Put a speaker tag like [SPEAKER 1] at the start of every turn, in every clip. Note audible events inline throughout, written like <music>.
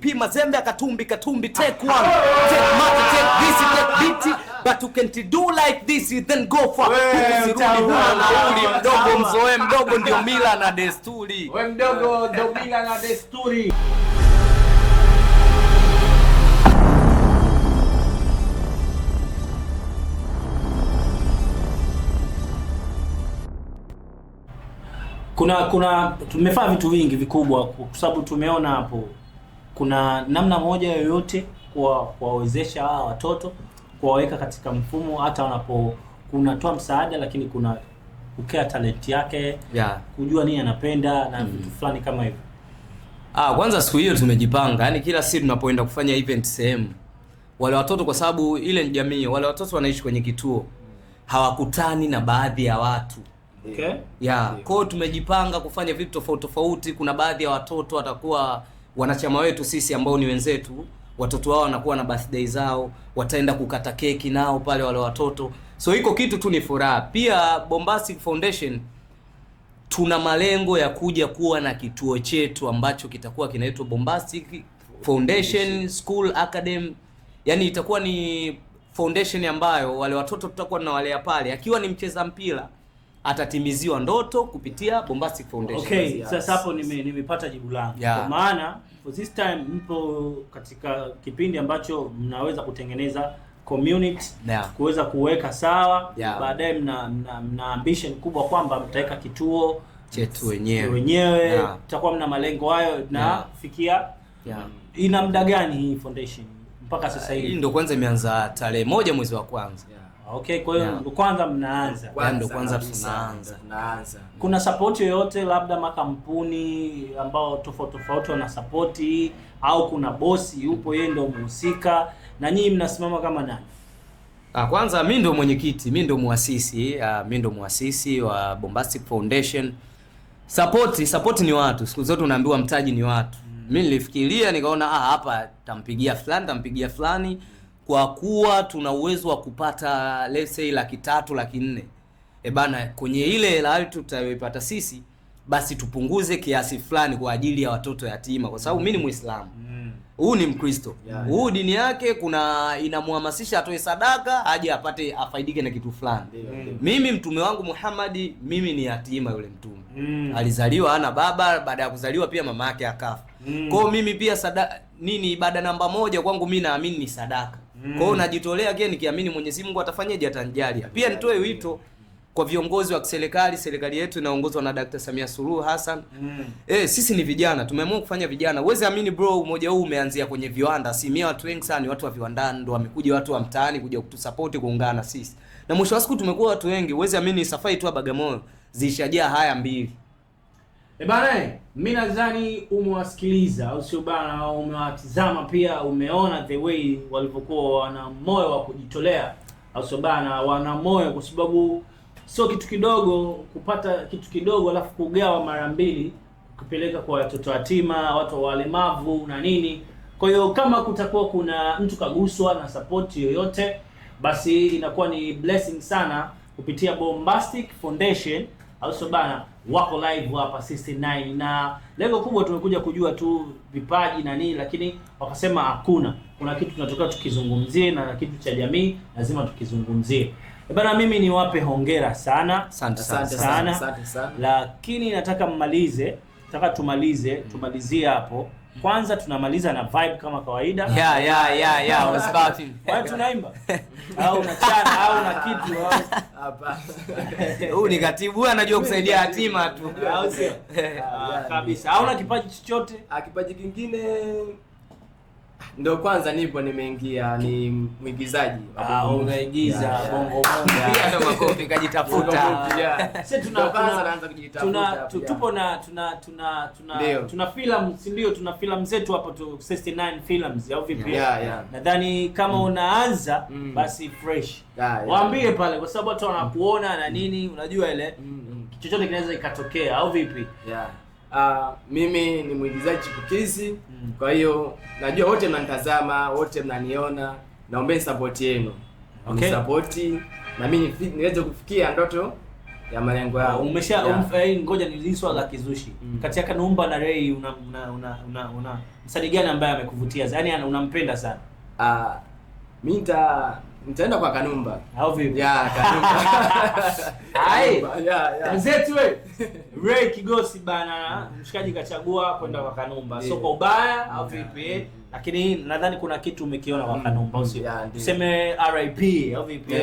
[SPEAKER 1] P Mazembe Katumbi Katumbi take one take mata take this take biti but you can't do like this then go for
[SPEAKER 2] uli mdogo mzoe mdogo ndio mila na desturi.
[SPEAKER 3] Wewe mdogo ndio mila na desturi.
[SPEAKER 4] Kuna kuna tumefanya vitu vingi vikubwa kwa sababu tumeona hapo kuna namna moja yoyote kwa kuwawezesha hawa watoto kuwaweka katika mfumo hata wanapo kunatoa msaada, lakini kuna kukea talent yake yeah, kujua nini anapenda na hmm. vitu mm, fulani kama hivyo.
[SPEAKER 5] Ah, kwanza siku hiyo tumejipanga, yani kila siku tunapoenda kufanya event sehemu, wale watoto kwa sababu ile ni jamii, wale watoto wanaishi kwenye kituo, hawakutani na baadhi ya watu okay, yeah, yeah. Kwao tumejipanga kufanya vitu tofauti tofauti. Kuna baadhi ya watoto watakuwa wanachama wetu sisi ambao ni wenzetu, watoto wao wanakuwa na birthday zao, wataenda kukata keki nao pale wale watoto. So iko kitu tu ni furaha. Pia Bombasi Foundation tuna malengo ya kuja kuwa na kituo chetu ambacho kitakuwa kinaitwa Bombasi Foundation School Academy, yaani itakuwa ni foundation ambayo wale watoto tutakuwa tunawalea pale, akiwa ni mcheza mpira atatimiziwa ndoto kupitia Bombastic Foundation.
[SPEAKER 4] Okay, sasa hapo nime, nimepata jibu langu yeah. Kwa maana for this time mpo katika kipindi ambacho mnaweza kutengeneza community yeah. kuweza kuweka sawa yeah. Baadaye mna, mna, mna ambition kubwa kwamba mtaweka kituo
[SPEAKER 5] chetu wenyewe wenyewe
[SPEAKER 4] mtakuwa yeah. mna malengo hayo na yeah. yeah. ina muda gani hii foundation mpaka sasa hivi?
[SPEAKER 5] Hii ndio kwanza imeanza tarehe moja mwezi wa kwanza yeah.
[SPEAKER 4] Okay, kwa hiyo ndo kwanza mnaanza,
[SPEAKER 5] ndo kwanza tunaanza. Tunaanza.
[SPEAKER 4] Kuna support yoyote labda makampuni ambao tofauti tofauti wana support au kuna bosi yupo yeye ndo mhusika na nyinyi mnasimama kama nani?
[SPEAKER 5] Ah, kwanza mi ndo mwenyekiti, mi ndo muasisi, mimi ah, ndo muasisi wa Bombastic Foundation. Support, support ni watu. Siku zote unaambiwa mtaji ni watu. Mimi mm. nilifikiria nikaona ah, hapa tampigia fulani, tampigia fulani kwa kuwa tuna uwezo wa kupata let's say laki tatu laki nne e bana, kwenye ile hela hali tutayoipata sisi, basi tupunguze kiasi fulani kwa ajili ya watoto yatima, kwa sababu mi ni Muislamu huu mm. ni Mkristo yeah, yeah. dini yake kuna inamhamasisha atoe sadaka aje apate afaidike na kitu fulani yeah, yeah. Mm. Mimi mtume wangu Muhammad, mimi ni yatima yule mtume mm. Alizaliwa hana baba, baada ya kuzaliwa pia mama yake akafa mm. Kwao mimi pia sadaka nini, ibada namba moja kwangu mi naamini ni sadaka Mm. Kwa hiyo najitolea again nikiamini Mwenyezi Mungu atafanyaje atanijalia. Pia nitoe wito kwa viongozi wa kiserikali serikali yetu inaongozwa na Dr. Samia Suluhu Hassan. Mm. Eh, sisi ni vijana, tumeamua kufanya vijana. Uweze amini bro, umoja huu umeanzia kwenye viwanda. mimi watu wengi sana ni watu wa viwandani ndio wamekuja watu wa mtaani kuja kutusupport kuungana na sisi. Na mwisho wa siku tumekuwa watu wengi. Uweze amini safari tu Bagamoyo zishajaa haya mbili.
[SPEAKER 4] E bana, mimi eh, nadhani umewasikiliza au sio bana? Umewatizama pia, umeona the way walivyokuwa wana moyo wa kujitolea au sio bana? Wana moyo kwa sababu sio kitu kidogo kupata kitu kidogo alafu kugawa mara mbili kupeleka kwa watoto yatima, watu walemavu na nini. Kwa hiyo kama kutakuwa kuna mtu kaguswa na support yoyote, basi inakuwa ni blessing sana kupitia Bombastic Foundation Auso bana wako live hapa 69 na lengo kubwa tumekuja kujua tu vipaji na nini, lakini wakasema hakuna, kuna kitu tunatoka tukizungumzie na kitu cha jamii lazima tukizungumzie. E bana, mimi niwape hongera sana asante sana, sana, sana, sana, sana, lakini nataka mmalize, nataka tumalize tumalizie hapo kwanza tunamaliza na vibe kama kawaida.
[SPEAKER 5] Yeah, yeah, yeah, yeah. was about to.
[SPEAKER 4] Wewe tunaimba. Au unachana au na kitu
[SPEAKER 5] au. ni katibu, anajua kusaidia hatima tu. Au sio? <laughs>
[SPEAKER 4] Ah, Kabisa. Au na kipaji chochote?
[SPEAKER 3] Ah, kipaji kingine ndio kwanza nipo nimeingia, ni mwigizaji.
[SPEAKER 5] Ah, oh, Unaigiza bongo bongo, Pia <laughs> ndio makofi kajitafuta.
[SPEAKER 4] Sisi tuna Tuna kwanza naanza kujitafuta. Tupo na tuna tuna tuna tuna film, si ndio? Tuna film zetu hapo tu 69 films au vipi? Nadhani kama mm. unaanza mm. basi fresh, waambie pale, kwa sababu watu wanakuona na mm. nini, unajua ile chochote kinaweza ikatokea au vipi?
[SPEAKER 3] Uh, mimi ni mwigizaji chipukizi mm. Kwa hiyo najua wote mnanitazama, wote mnaniona, naombeni support yenu okay. Support na mimi niweze kufikia ndoto ya malengo ah, yao.
[SPEAKER 4] Umesha um, eh, ngoja ni swala la kizushi mm. Kati yake Numba na Ray, una una una, una, una msanii gani ambaye amekuvutia yaani unampenda sana?
[SPEAKER 3] Uh, ah, mimi Nitaenda kwa Kanumba. Au vipi? Ya, Kanumba.
[SPEAKER 4] Hai. <laughs> Mzetu we. Ray Kigosi bana, mshikaji kachagua kwenda kwa Kanumba. So eh. kwa ubaya au vipi? Lakini nadhani kuna kitu umekiona kwa mm. Kanumba usio. Tuseme RIP au vipi?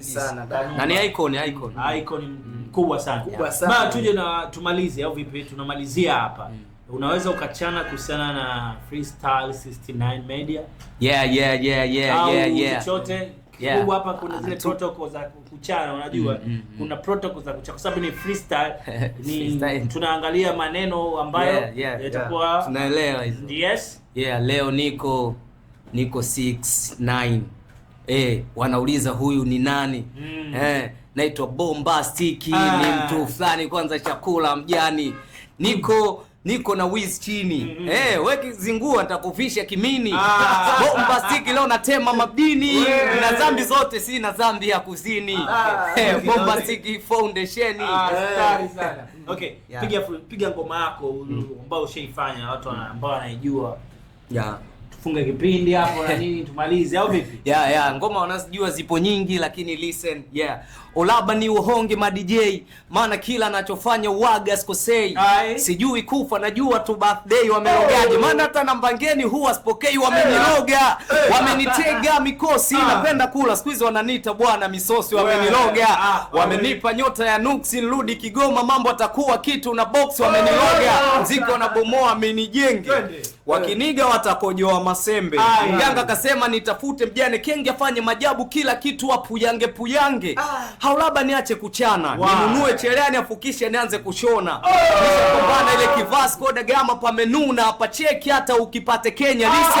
[SPEAKER 3] Sana.
[SPEAKER 5] Na ni icon, icon.
[SPEAKER 4] Icon mm. kubwa sana. Bana tuje na tumalize au vipi? Tunamalizia hapa. Mm unaweza ukachana kuhusiana na Freestyle 69 Media.
[SPEAKER 5] Yeah, yeah, yeah, yeah, au yeah, yeah.
[SPEAKER 4] Chochote Yeah. Hapa kuna ah, zile uh, protocol za kuchana unajua mm, mm, mm. Kuna protocol za kuchana kwa sababu ni freestyle, <laughs> ni Tunaangalia maneno ambayo yeah, yeah, yeah,
[SPEAKER 5] tunaelewa hizo. Yes. Yeah, leo niko niko 69. Eh, wanauliza huyu ni nani? Mm. Eh, naitwa Bombastic ah. Ni mtu fulani kwanza chakula mjani. Niko niko na wiz chini mm -hmm. Hey, eh, we kizingua nitakufisha kimini ah. <laughs> Bombastiki leo natema madini yeah. Na zambi zote si na zambi ya kuzini ah. Hey, eh, Bombastiki foundation ah, yeah.
[SPEAKER 4] Sana. Okay. Yeah. Piga piga ngoma yako ambayo mm. ushaifanya watu ambao wanaijua yeah tufunge kipindi hapo na nini <laughs> tumalize au vipi?
[SPEAKER 5] Yeah, yeah, ngoma wanazijua zipo nyingi, lakini listen, yeah, Olaba ni uhonge ma DJ, maana kila anachofanya uwaga sikosei, sijui kufa, najua tu birthday wamerogaje, oh. maana hata namba ngeni huwa sipokei, wameniroga, ah. wamenitega ah. mikosi, ah. napenda kula siku hizi wananiita bwana misosi, wameniroga, ah, wamenipa nyota ya nuksi, nirudi Kigoma mambo atakuwa kitu na box, wameniroga, mziki oh. wanabomoa, amenijenge wakiniga watakojoa masembe. mganga akasema nitafute mjane Kenge afanye majabu kila kitu apuyange puyange, haulaba niache kuchana wow. ninunue cherehani afukishe nianze kushona pambana ile kivas koda gama pamenuna pacheki hata ukipate Kenya lise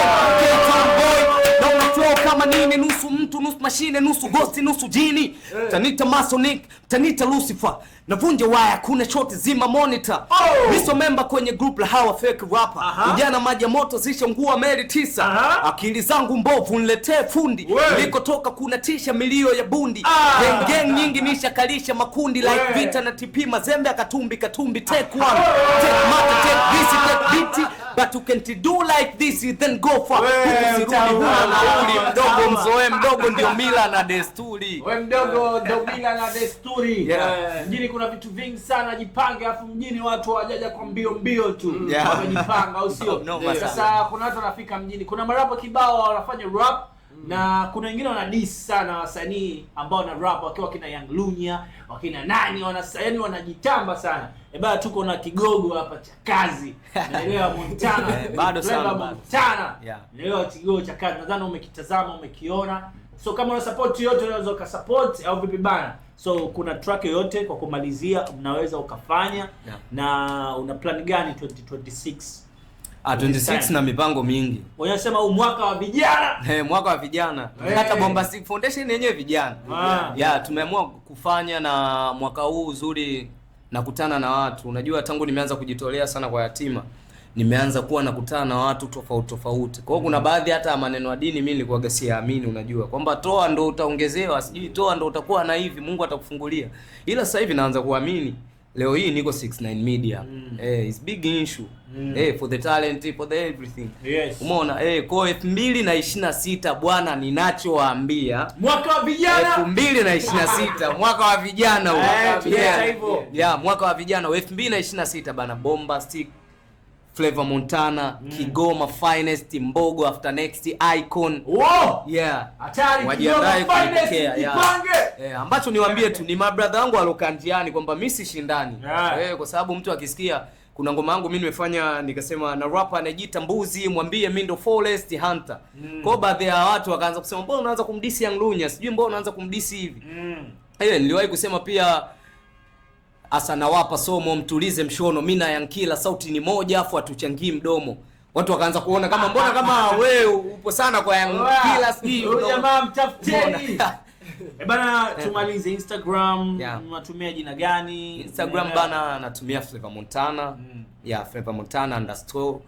[SPEAKER 5] kama nini, nusu mtu nusu mashine nusu gosti nusu jini, tanita masonic tanita Lucifer Navunja waya, kuna shoti zima monitor. Oh. Miso memba kwenye group la hawa fake rapper. Aha. Ujana maji moto zisha ngua meli tisa. Aha. Akili zangu mbovu niletee fundi. Nilikotoka kuna tisha milio ya bundi. Ah. Gang gang nyingi nishakalisha makundi like vita na TP Mazembe akatumbi katumbi take one. Oh! Take mata take this take beat but you can't do like this then go for.
[SPEAKER 2] Huku sirudi huna na uli mdogo. So mdogo ndio mila na desturi.
[SPEAKER 3] Wewe mdogo ndio mila na desturi.
[SPEAKER 4] Eh, mjini kuna vitu vingi sana jipange, afu mjini watu hawajaja kwa mbio mbio tu. Mm. Yeah. Wamejipanga au sio? Sasa kuna watu wanafika mjini. Kuna marapo kibao wanafanya rap mm. na kuna wengine wana diss sana wasanii ambao wana rap wakiwa kina Young Lunya, wakina nani wana yaani wanajitamba sana. Eba, eh, tuko na kigogo hapa cha kazi. Naelewa <laughs> Montana. Eh, bado sana Montana. Naelewa kigogo cha kazi. Nadhani umekitazama, umekiona. So kama una support yote unaweza uka support au vipi bana? So kuna track yote kwa kumalizia mnaweza ukafanya yeah. Na una plan gani 2026?
[SPEAKER 5] Ah, 26 na mipango mingi.
[SPEAKER 4] Unasema huu mwaka wa vijana.
[SPEAKER 5] <laughs> Eh, mwaka wa vijana. Hey. Hata Bombastic Foundation yenyewe vijana. Ah. Yeah, tumeamua kufanya na mwaka huu uzuri nakutana na watu. Unajua, tangu nimeanza kujitolea sana kwa yatima, nimeanza kuwa nakutana na watu tofauti tofauti. Kwa hiyo kuna baadhi hata maneno ya dini mimi nilikuwa siamini, unajua kwamba toa ndo utaongezewa, sijui toa ndo utakuwa na hivi, Mungu atakufungulia. Ila sasa hivi naanza kuamini leo hii niko 69 media mm. eh, it's big issue mm. eh, for the talent for the everything yes. Umeona eh, kwa elfu mbili na ishirini na sita bwana, ninachowaambia
[SPEAKER 4] mwaka wa vijana
[SPEAKER 5] elfu mbili na ishirini na sita <laughs> mwaka wa vijana huu eh, yeah mwaka wa vijana elfu mbili na ishirini na sita bana, Bombastic Flavor Montana, mm. Kigoma Finest, Mbogo After Next, Icon. Wow! Yeah.
[SPEAKER 4] Hatari wajiandae
[SPEAKER 3] kupokea. Yeah.
[SPEAKER 5] Yeah. Ambacho niwaambie tu ni mabradha wangu aloka njiani kwamba mimi si shindani. Yeah. Eh, kwa sababu mtu akisikia kuna ngoma yangu mimi nimefanya nikasema na rapper anajiita Mbuzi, mwambie mimi ndo Forest Hunter. Mm. Kwa baadhi ya watu wakaanza kusema mbona unaanza kumdisi Young Lunya? Sijui mbona unaanza kumdisi hivi. Mm. Ile eh, niliwahi kusema pia Asa nawapa somo, mtulize mshono, mi na Yankila sauti ni moja, afu hatuchangii mdomo. Watu wakaanza kuona kama mbona kama wewe <laughs> upo sana kwa Yankila,
[SPEAKER 4] sijui jamaa mtafuteni. <laughs> E bana, tumalize Instagram, yeah. Unatumia jina gani?
[SPEAKER 5] Instagram eh, bana, natumia Flavor Montana. Mm. Yeah, Montana underscore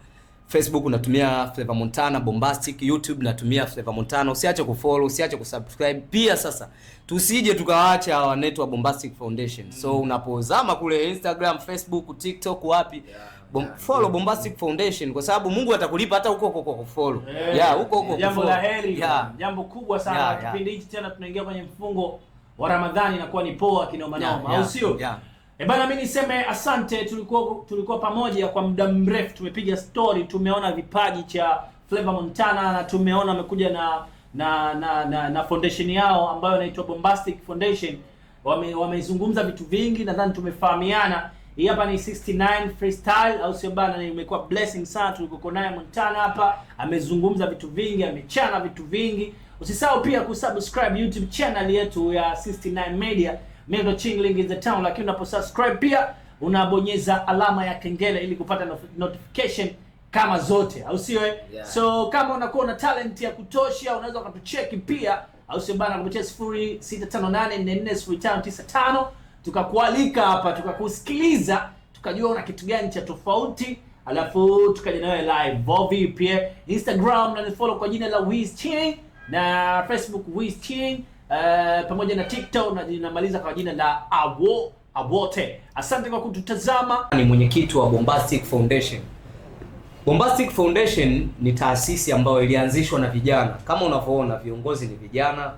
[SPEAKER 5] Facebook unatumia Flavour Montana Bombastic, YouTube natumia Flavour Montana. Usiache kufollow, usiache kusubscribe. Pia sasa tusije tukawaacha wa network Bombastic Foundation. So mm. unapozama kule Instagram, Facebook, TikTok wapi? Bom, yeah, follow yeah, mm. Bombastic yeah. Foundation kwa sababu Mungu atakulipa hata huko huko kwa follow. Yeah, yeah huko huko.
[SPEAKER 4] Jambo la heri. Yeah. Jambo kubwa sana. Yeah, yeah. Kipindi hichi tena tunaingia kwenye mfungo wa Ramadhani na kuwa ni poa yeah, noma, au sio? Yeah. E bana, mimi niseme asante. Tulikuwa tulikuwa pamoja kwa muda mrefu, tumepiga story, tumeona vipaji cha Flavor Montana na tumeona amekuja na na, na na na foundation yao ambayo inaitwa Bombastic Foundation. Wame, wamezungumza vitu vingi, nadhani tumefahamiana. Hii hapa ni 69 freestyle, au sio bana? Imekuwa blessing sana tulikuwa naye Montana hapa, amezungumza vitu vingi, amechana vitu vingi. Usisahau pia kusubscribe YouTube channel yetu ya 69 Media Mendo Chingling in the town, lakini unaposubscribe pia unabonyeza alama ya kengele ili kupata notification kama zote, au sio? Eh? Yeah. So kama unakuwa una talent ya kutosha unaweza ukatucheki pia, au sio bana, kupitia 0658440595 tukakualika hapa tukakusikiliza tukajua una kitu gani cha tofauti, alafu tukaja nawe live vovi. Pia eh? Instagram na nifollow kwa jina la Wiz Chilling na Facebook Wiz Chilling Eh, pamoja na TikTok na linamaliza kwa jina la Awo Awote. Asante kwa kututazama.
[SPEAKER 5] Ni mwenyekiti wa Bombastic Foundation. Bombastic Foundation ni taasisi ambayo ilianzishwa na vijana. Kama unavyoona viongozi ni vijana,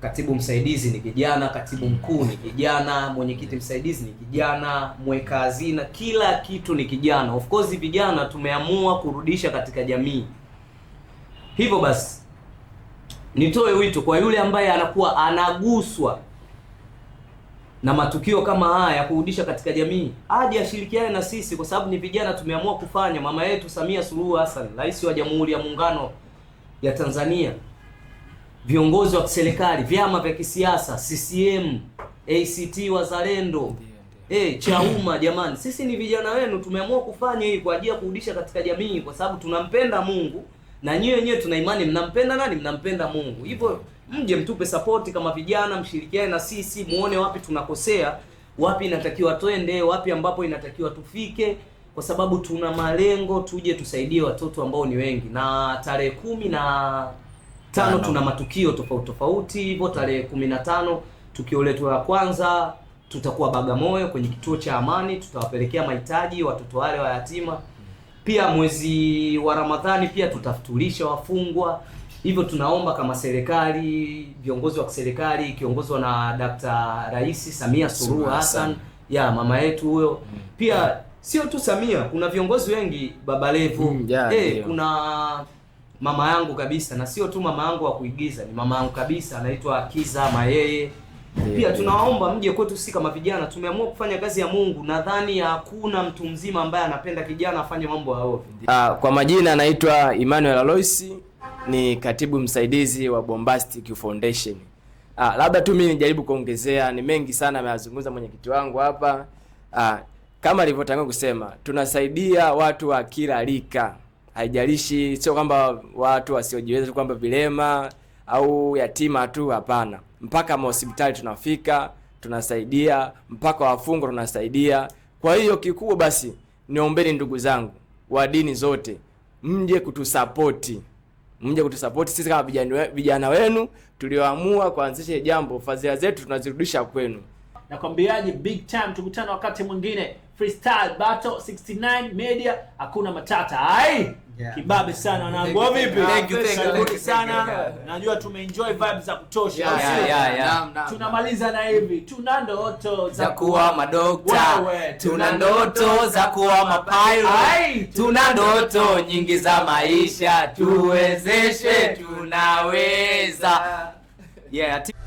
[SPEAKER 5] katibu msaidizi ni vijana, katibu mkuu ni kijana, mwenyekiti msaidizi ni kijana, mweka hazina, kila kitu ni kijana. Of course vijana tumeamua kurudisha katika jamii, hivyo basi Nitoe wito kwa yule ambaye anakuwa anaguswa na matukio kama haya ya kurudisha katika jamii, aje ashirikiane na sisi, kwa sababu ni vijana tumeamua kufanya. Mama yetu Samia Suluhu Hassan, Rais wa Jamhuri ya Muungano ya Tanzania, viongozi wa serikali, vyama vya kisiasa, CCM, ACT Wazalendo, hey, eh, Chauma, jamani, sisi ni vijana wenu, tumeamua kufanya hii kwa ajili ya kurudisha katika jamii, kwa sababu tunampenda Mungu na nyinyi wenyewe tuna imani mnampenda nani? Mnampenda Mungu. Hivyo mje mtupe support kama vijana, mshirikiane na sisi, muone wapi tunakosea, wapi inatakiwa twende, wapi ambapo inatakiwa tufike, kwa sababu tuna malengo, tuje tusaidie watoto ambao ni wengi. Na tarehe kumi na tano tuna matukio tofauti tofauti, hivyo tarehe kumi na tano tukio letu la kwanza tutakuwa Bagamoyo kwenye kituo cha Amani, tutawapelekea mahitaji watoto wale wa yatima pia mwezi wa Ramadhani pia tutafutulisha wafungwa. Hivyo tunaomba kama serikali, viongozi wa serikali ikiongozwa na Dkt. Rais Samia Suluhu Hassan, ya mama yetu huyo. Mm. Pia sio tu Samia, kuna viongozi wengi, Baba Levo mm, yeah, hey, yeah. Kuna mama yangu kabisa, na sio tu mama yangu wa kuigiza, ni mama yangu kabisa, anaitwa Kiza Mayeye yeah. Pia yeah. mje kwetu, si kama vijana tumeamua kufanya kazi ya Mungu. Nadhani hakuna mtu mzima ambaye anapenda kijana afanye mambo ya ovyo. Ah, kwa majina anaitwa Emmanuel Alois ni katibu msaidizi wa Bombastic Foundation. Uh, labda tu mimi nijaribu kuongezea, ni mengi sana ameyazungumza mwenyekiti wangu hapa. uh, kama alivyotangulia kusema tunasaidia watu wa kila rika, haijalishi, sio kwamba watu wasiojiweza, tu, kwamba vilema au yatima tu, hapana. Mpaka mahospitali tunafika, tunasaidia, mpaka wafungwa tunasaidia. Kwa hiyo kikubwa basi, niombeni ndugu zangu wa dini zote, mje kutusapoti, mje kutusapoti sisi kama vijana, wenu tulioamua kuanzisha jambo. Fadhila zetu tunazirudisha kwenu.
[SPEAKER 4] Nakwambiaje, big time. Tukutane wakati mwingine. Freestyle Battle 69 Media, hakuna matata ai. Yeah. Kibabe sana wanangu. Vipi?
[SPEAKER 5] Thank you, thank
[SPEAKER 4] you sana. Najua tumeenjoy vibe za kutosha. Yeah, yeah, yeah, yeah. Tunamaliza na hivi. Tuna ndoto
[SPEAKER 2] za kuwa madokta. Tuna ndoto za kuwa mapilot. Tuna ndoto nyingi za maisha. Tuwezeshe, tunaweza. Yeah.